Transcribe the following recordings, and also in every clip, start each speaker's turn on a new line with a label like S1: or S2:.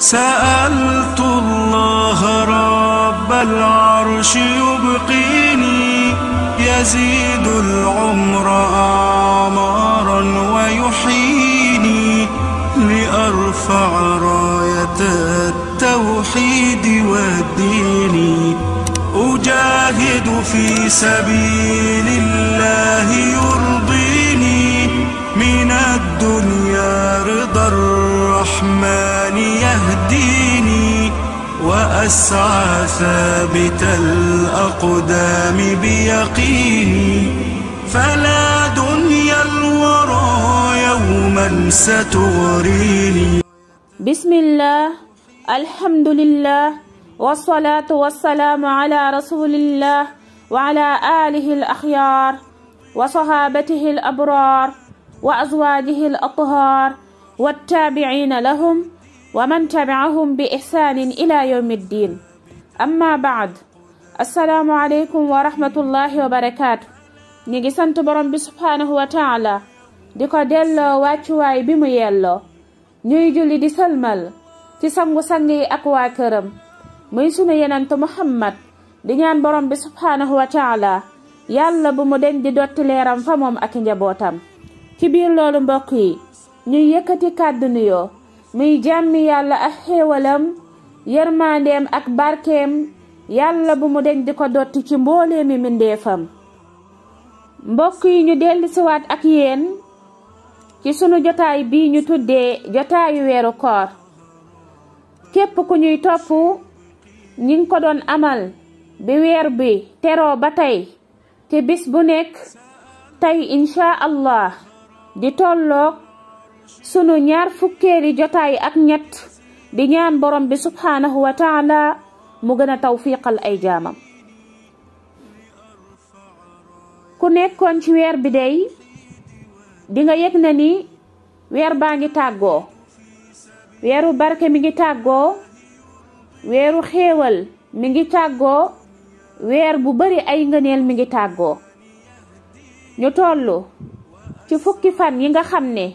S1: سألت الله رب العرش يبقيني يزيد العمر أعمارا ويحييني لأرفع راية التوحيد والدين أجاهد في سبيل الله يرضيني من الدنيا رضا الرحمن يهديني وأسعى ثابت الأقدام بيقيني فلا دنيا الورى يوما ستغريني بسم الله الحمد لله والصلاة والسلام على رسول الله وعلى آله الأخيار وصحابته الأبرار وأزواجه الأطهار والتابعين لهم ومن تبعهم بإحسان إلى يوم الدين أما بعد السلام عليكم ورحمة الله وبركاته نيجي سانت بروم بي سبحانه وتعالى ديكو ديلو واتشواي bi mu يلو ñuy julli di sëlmal ci sangu-sang ak waa këram muy sunu yenent muhammad di ñaan borom bi subhaanahu wa taala yàlla bu mu deñ di dotti leeram fa moom ak njabootam ci biir loolu mbokk yi ñuy yëkkati kàddu muy jàmmi yàlla ak xéewalam yërmandeem ak barkeem yàlla bu mu deñ di ko dotti ci mboolee mi mindeefam mbokk yi ñu dellu siwaat ak yeen ci sunu jotaay bi ñu tuddee jotaayu weeru koor képp ku ñuy topp ñi ko doon amal bi weer bi teroo ba tey te bis bu nekk tey incha allah di tolloog sunu ñaar fukkeeli jotaay ak ñett di ñaan borom bi subhaanahu wa taala mu gën a tawfiiqal ay jaamam ku nekkoon ci weer bi day di nga na ni weer baa ngi tàggoo weeru barke mi ngi tàggoo weeru xéewal mi ngi tàggoo weer bu bari ay ngëneel mi ngi tàggoo ñu tollu ci fukki fan yi nga xam ni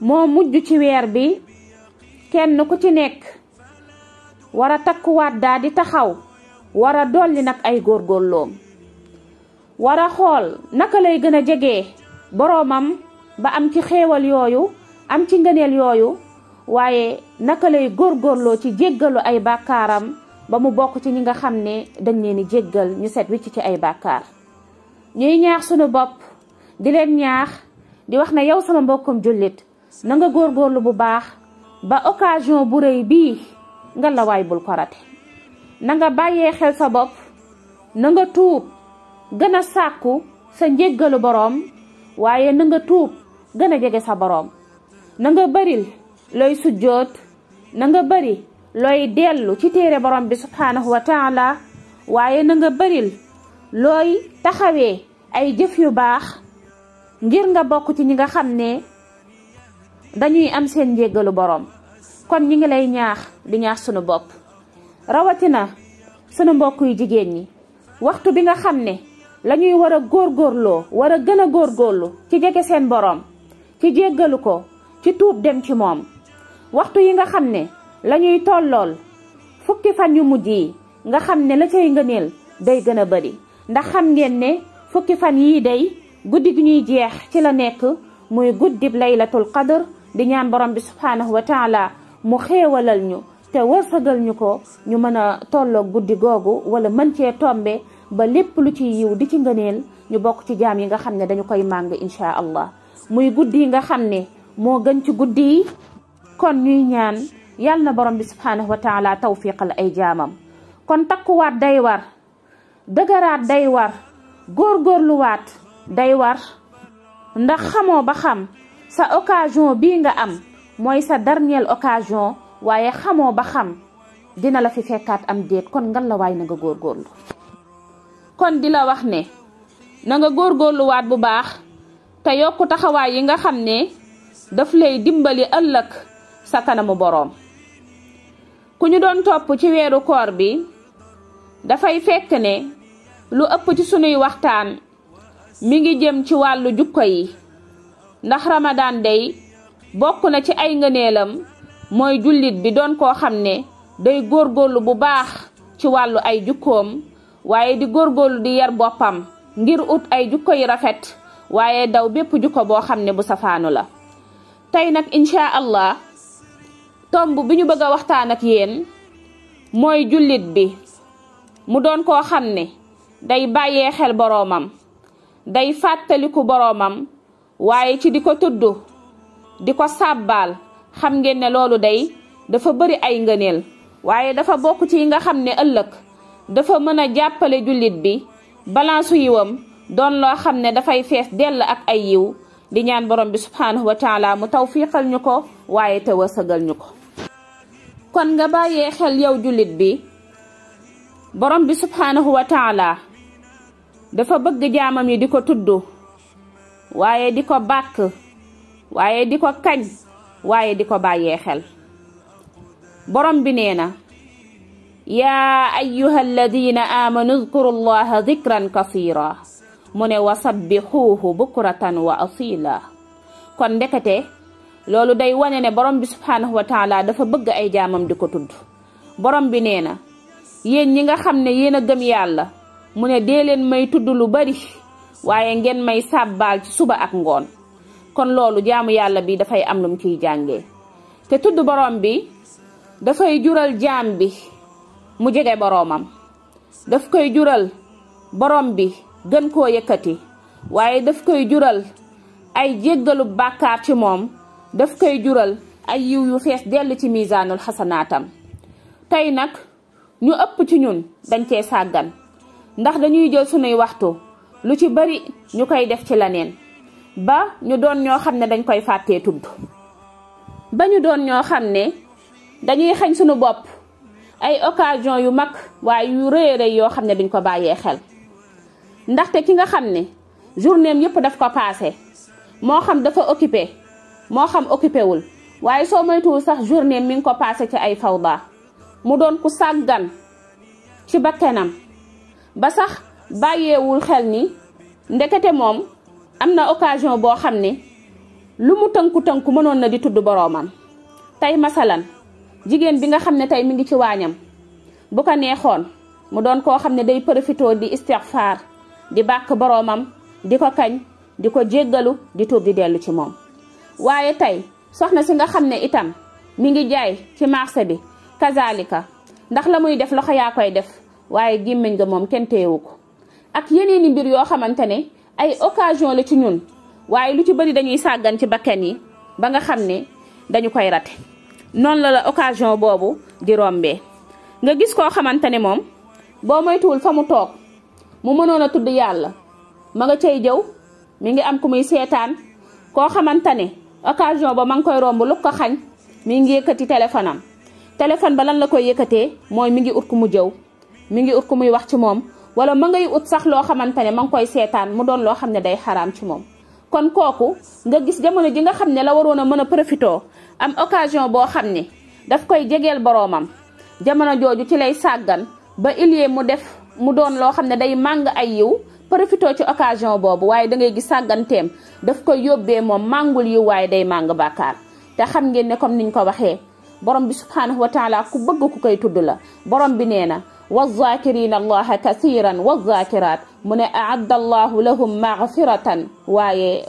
S1: moo mujj ci weer bi kenn ku ci nekk war a takkuwaat daa di taxaw wara a dolli nag ay góor war wara xool naka lay gën a jege boroomam ba am ci xéewal yooyu am ci ngëneel yooyu waaye naka lay góor góorloo ci jéggalu ay bàkkaaram ba mu bokk ci ñi nga xam ne dañ leen di jéggal ñu set wicc ci ay bàkkaar ñuy ñaax sunu bopp di leen ñaax di wax na yow sama mbokkum jullit nanga góor góorlu bu baax ba occasion bu rëy bii nga lawaay bul ko rate na nga bàyyee xel sa bopp na tuub gën a sàkku sa njéggalu borom waaye na nga tuub gën a jege sa boroom na nga bëril looy sujjoot na nga bëri looy dellu ci téere borom bi subhaanahu wa waaye nanga nga bëril looy taxawee ay jëf yu baax ngir nga bokk ci ñi nga xam ne dañuy am seen njéggalu boroom kon ñi ngi lay ñaax di ñaax sunu bopp rawatina sunu mbokk yu jigéen ñi waxtu bi nga xam ne lañuy ñuy war a góorgóorloo war a gën a góorgóorlu ci jege seen boroom ci jéggalu ko ci tuub dem ci moom waxtu yi nga xam ne lañuy tollool fukki fan yu mujj yi nga xam ne la cay ngëneel day gën a bari ndax xam ngeen ne fukki fan yii day guddi gi ñuy jeex ci la nekk muy guddib laylatul qadr di ñaan borom bi subhaanahu wa taala mu xéewalal ñu te wërsëgal ñu ko ñu mën a tolloo guddi googu wala mën cee tombe ba lépp lu ci yiw di ci ngëneel ñu bokk ci jaam yi nga xam ne dañu koy màng inchaa allah muy guddi yi nga xam ne moo gën ci guddi yi kon ñuy ñaan yàlla na borom bi subhaanahu wa taala tawfiqal ay jaamam kon takkuwaat day war dëgëraat day war góorgóorluwaat day war ndax xamoo ba xam sa occasion bii nga am mooy sa dernière occasion waaye xamoo ba xam dina la fi fekkaat am déet kon ngan la góor góorlu kon dina wax ne na nga góorluwaat bu baax te yokk taxawaay yi nga xam ne daf lay dimbali ëllëg sa kanamu boroom ku ñu doon topp ci weeru koor bi dafay fekk ne lu ëpp ci sunuy waxtaan mu ngi jëm ci wàllu jukko yi ndax ramadaan dey bokk na ci ay ngëneelam mooy jullit bi doon koo xam ne day góorgóorlu bu baax ci wàllu ay jukkoom waaye di góor góorgóorlu di yar boppam ngir ut ay jukko yu rafet waaye daw bépp jukko boo xam ne bu safaanu la tey nag inchaa allah tomb bi ñu bëgg a waxtaan ak yéen mooy jullit bi mu doon koo xam ne day bàyyee xel boroomam day fàttaliku boroomam waaye ci di ko tudd di ko sàbbaal xam ngeen ne loolu day dafa bëri ay ngëneel waaye dafa bokk ci yi nga xam ne ëllëg dafa mën a jàppale jullit bi balance yiwam doon loo xam ne dafay fees dell ak ay yiw di ñaan borom bi subhaanahu wa taala mu tawfiiqal ñu ko waaye te wërsëgal ñu ko kon nga bàyyee xel yow jullit bi borom bi subhaanahu wa taala dafa bëgg jaamam yi di ko tudd waaye di ko bàkk waaye di ko kañ waaye di ko bàyyee xel borom bi nee na yaa ayyuha alladina aamanu udkuru llaha dikran mu ne wa sabbixuuhu bukratan wa asila kon ndekete loolu day wane ne borom bi subhaanahu wa taala dafa bëgg ay jaamam di ko tudd borom bi nee na yéen ñi nga xam ne yéen a gëm yàlla mu ne dee leen may tudd lu bari waaye ngeen may sàbbaal ci suba ak ngoon kon loolu jaamu yàlla bi dafay am lum ciy jàngee te tudd borom bi dafay jural jaam bi mu jege boroomam daf koy jural borom bi gën koo yëkkati waaye daf koy jural ay jéggalu bàkkaar ci moom daf koy jural ay yiw yu fees dell ci miisaanul xasanaatam tey nag ñu ëpp ci ñun dañ cee sàggan ndax dañuy jël sunuy waxtu lu ci bari ñu koy def ci leneen ba ñu doon ñoo xam ne dañ koy fàttee tudd ba ñu doon ñoo xam ne dañuy xañ sunu bopp ay occasion yu mag waaye yu rëy rëy yoo xam ne dañ ko bàyyee xel ndaxte ki nga xam ne journéem yëpp daf ko paase moo xam dafa occupé moo xam occupé wul waaye soo moytuwul sax journéem mi ngi ko paase ci ay fawda mu doon ku sàggan ci bakkenam ba sax bàyyeewul xel ni ndekete moom am na occasion boo xam ne lu mu tënku-tënku mënoon na di tudd boroomam tey masalan jigéen bi nga xam ne tey mi ngi ci waañam bu ko neexoon mu doon koo xam ne day profitoo di istixfaar di bàkk boroomam di ko kañ di ko jéggalu di tuub di dellu ci moom waaye tey soxna si nga xam ne itam mi ngi jaay ci marché bi kazalika ndax la muy def loxo yaa koy def waaye gémmiñ nga moom kenn téyewu ko ak yeneen i mbir yoo xamante ne ay occasion la ci ñun waaye lu ci bëri dañuy sàggan ci bakken yi ba nga xam ne dañu koy rate noonu la la occasion boobu di rombee nga gis koo xamante ne moom boo moytuwul fa mu toog mu mënoon a tudd yàlla ma nga cay jëw mu ngi am ku muy seetaan koo xamante ne occasion ba ma ngi koy romb lu ko xañ mi ngi yëkkati téléphone am téléphone ba lan la koy yëkkatee mooy mi ngi mu jëw mi ngi ut ku muy wax ci moom wala ma ngay ut sax loo xamante ne ma ngi koy seetaan mu doon loo xam ne day xaraam ci moom kon kooku nga gis jamono ji nga xam ne la waroon a mën a profitoo am occasion boo xam ne daf koy jegeel boroomam jamono jooju ci lay sàggan ba ilie mu def mu doon loo xam ne day màng ay yiw profitoo ci occasion boobu waaye da ngay gis sàgganteem daf koy yóbbee moom màngul yiw waaye day màng bàkkaar te xam ngeen ne comme niñ ko waxee borom bi subhaanahu wa taala ku bëgg ku koy tudd la borom bi nee na والذاكرين الله كثيرا والذاكرات من أعد الله لهم مغفرة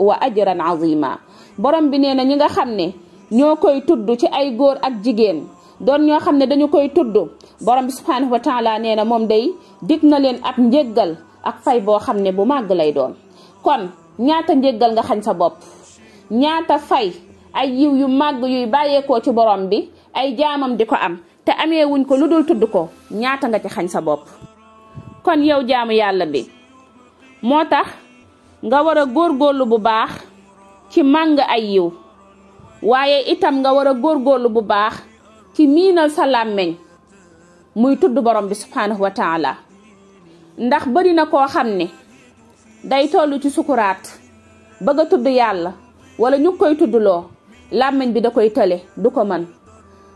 S1: وأجرا عظيما borom bi nee na ñi nga xam ne ñoo koy tudd ci ay góor ak jigéen doon ñoo xam ne dañu koy tudd borom bi subhaanahu wa na moom day dig na leen ak njéggal ak fay boo xam ne bu màgg lay doon kon ñaata njéggal nga xañ sa bopp ñaata fay ay yiw yu màgg yuy bàyyeekoo ci borom bi ay jaamam di ko am te amee wuñ ko lu dul tudd ko ñaata nga ci xañ sa bopp kon yow jaamu yàlla bi moo tax nga war a góor góorlu bu baax ci màng ay yiw waaye itam nga war a góor góorlu bu baax ci miinal sa làmmiñ muy tudd borom bi subhaanahu wa taala ndax bari na koo xam ne day toll ci sukkuraat bëgg a tudd yàlla wala ñu koy tuddloo làmmiñ bi da koy tële du ko mën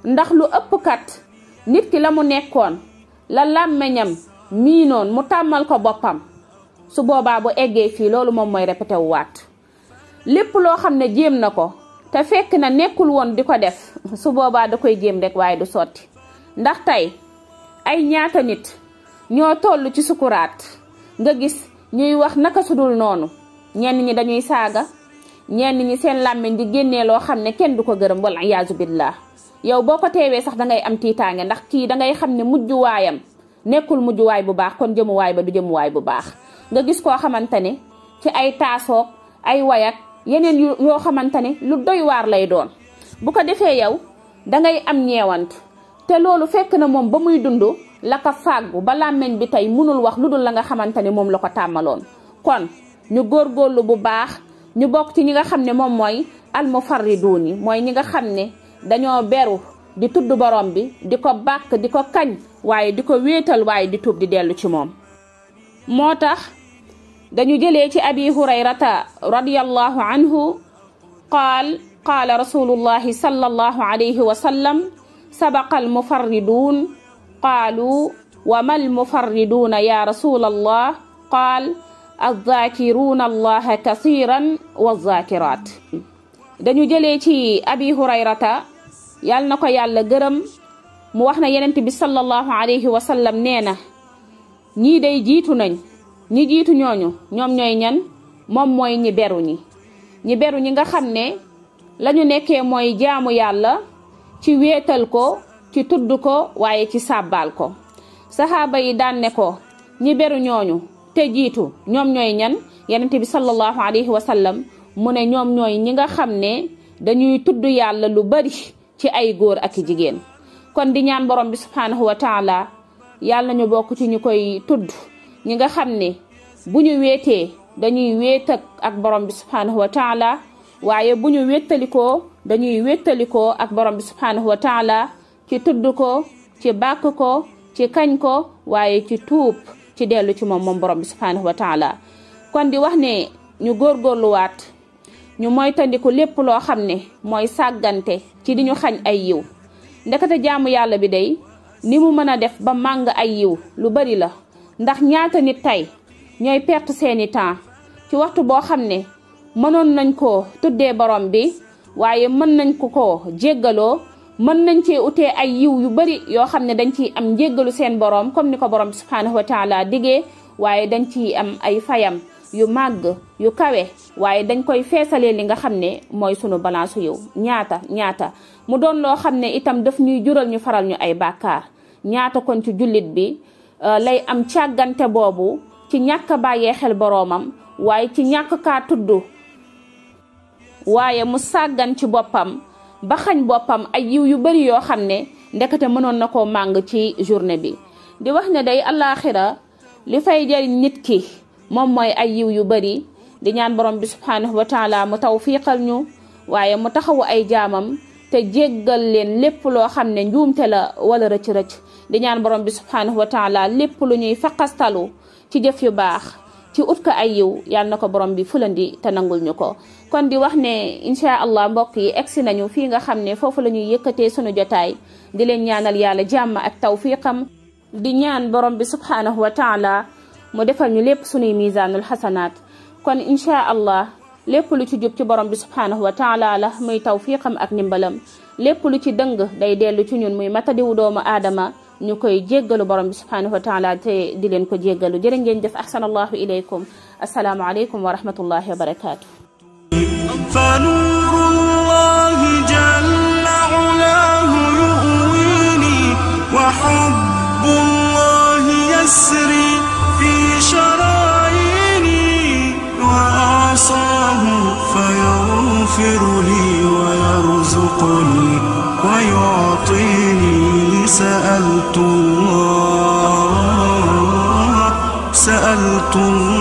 S1: ndax lu ëpp kat nit ki la mu nekkoon la làmmiñam miinoon mu tàmmal ko boppam su boobaa bu eggee fii loolu moom mooy répété wu lépp loo xam ne jéem na ko te fekk na nekkul woon di ko def su boobaa da koy jéem rek waaye du sotti ndax tey ay ñaata nit ñoo toll ci sukkuraat nga gis ñuy wax naka sudul noonu ñenn ñi dañuy saaga ñenn ñi seen làmmiñ di génnee loo xam ne kenn du ko gërëm wal iyaazu billah yow boo ko teewee sax da ngay am tiitaange ndax kii dangay xam ne mujjuwaayam nekkul mujjuwaay bu baax kon jëmuwaay ba du jëmuwaay bu baax nga gis koo xamante ne ci ay taasoog ay wayak yeneen yu yoo xamante ne lu doy waar lay doon bu ko defee yow da ngay am ñeewant te loolu fekk na moom ba muy dund la ko fàggu ba làmmiñ bi tey mënul wax lu dul la nga xamante ne moom la ko tàmmaloon kon ñu góorgóorlu bu baax ñu bokk ci ñi nga xam ne moom mooy almufarriduun yi mooy ñi nga xam ne dañoo beru di tudd borom bi di ko bàkk di ko kañ waaye di ko wéetal waaye di tuub di dellu ci moom moo tax dañu jëlee ci abi hurayrata radiyallahu anhu qaal qaala rasulullahi sallallahu alayhi wa sallam sabaqa almufarriduun qaalu wa mal mufarriduuna ya rasulallah qaal azzaakiruuna allaha wa zaakiraat dañu jële ci abi hurayrata yàlla na ko yàlla gërëm mu wax na yenent bi sallallahu alayhi wa sallam nee na ñii day jiitu nañ ñi jiitu ñooñu ñoom ñooy ñan moom mooy ñi beru ñi ñi ñi nga xam ne la ñu nekkee mooy jaamu yàlla ci wéetal ko ci tudd ko waaye ci saabal ko saxaaba yi daan ne ko ñi beru ñooñu te jiitu ñoom ñooy ñan yenent bi sallallahu alayhi wa mu ne ñoom ñooy ñi nga xam ne dañuy tudd yàlla lu bari ci ay góor ak jigéen kon di ñaan borom bi subhaanahu wa taala yàlla ñu bokk ci ñu koy tudd ñi nga xam ne bu ñu weetee dañuy weet ak borom bi subhaanahu wa waaye bu ñu wéttalikoo dañuy wéttalikoo ak borom bi subhaanahu wa taala ci tudd ko ci bàkk ko ci kañ ko waaye ci tuub ci dellu ci moom moom borom bi subhaanahu wa kon di wax ne ñu góorgóorluwaat ñu moytandiku lépp loo xam ne mooy sàggante ci di ñu xañ ay yiw ndekete jaamu yàlla bi dey ni mu mën a def ba màng ay yiw lu bari la ndax ñaata nit tey ñooy perte seeni temps ci waxtu boo xam ne mënoon nañ koo tuddee borom bi waaye mën nañ ko koo jéggaloo mën nañ cee utee ay yiw yu bari yoo xam ne dañ ciy am njéggalu seen borom comme ni ko borom bi subhaanahu wa taala diggee waaye dañ ciy am ay fayam yu màgg yu kawe waaye dañ koy feesalee li nga xam ne mooy sunu balance yow ñaata ñaata mu doon loo xam ne itam daf ñuy jural ñu faral ñu ay bàkkaar ñaata kon ci jullit bi euh, lay am càggante boobu ci ñàkk a bàyyee xel boroomam waaye ci ñàkk kaa tudd waaye mu sàggan ci boppam ba xañ boppam ay yiw yu bari yoo xam ne ndekete mënoon na koo màng ci journée bi di wax ne day àllaaxira li fay jariñ nit ki moom mooy ay yiw yu bari di ñaan borom bi subhaanahu wa taala mu tawfiiqal ñu waaye mu taxawu ay jaamam te jéggal leen lépp loo xam ne njuumte la wala rëcc-rëcc di ñaan borom bi subhaanahu wa taala lépp lu ñuy faqastalu ci jëf yu baax ci ut ay yiw yal na ko borom bi fulandi te nangul ñu ko kon di wax ne incha allah mbokk yi egsi nañu fii nga xam ne foofu la ñuy yëkkatee sunu jotaay di leen ñaanal yàlla jàmm ak tawfiiqam di ñaan borom bi subhaanahu wa mu defal ñu lépp sunuy misaanul xasanaat kon incha allah lépp lu ci jub ci borom bi subhaanahu wa taala la muy tawfiqam ak ndimbalam lépp lu ci dëng day dellu ci ñun muy matadiwu doomu aadama ñu koy jéggalu borom bi subhaanahu wa taala te di leen ko jéggalu jërë ngeen jëf ahsanallahu ilaykum assalaamu aleykum wa barakaatu سألت الله سألت الله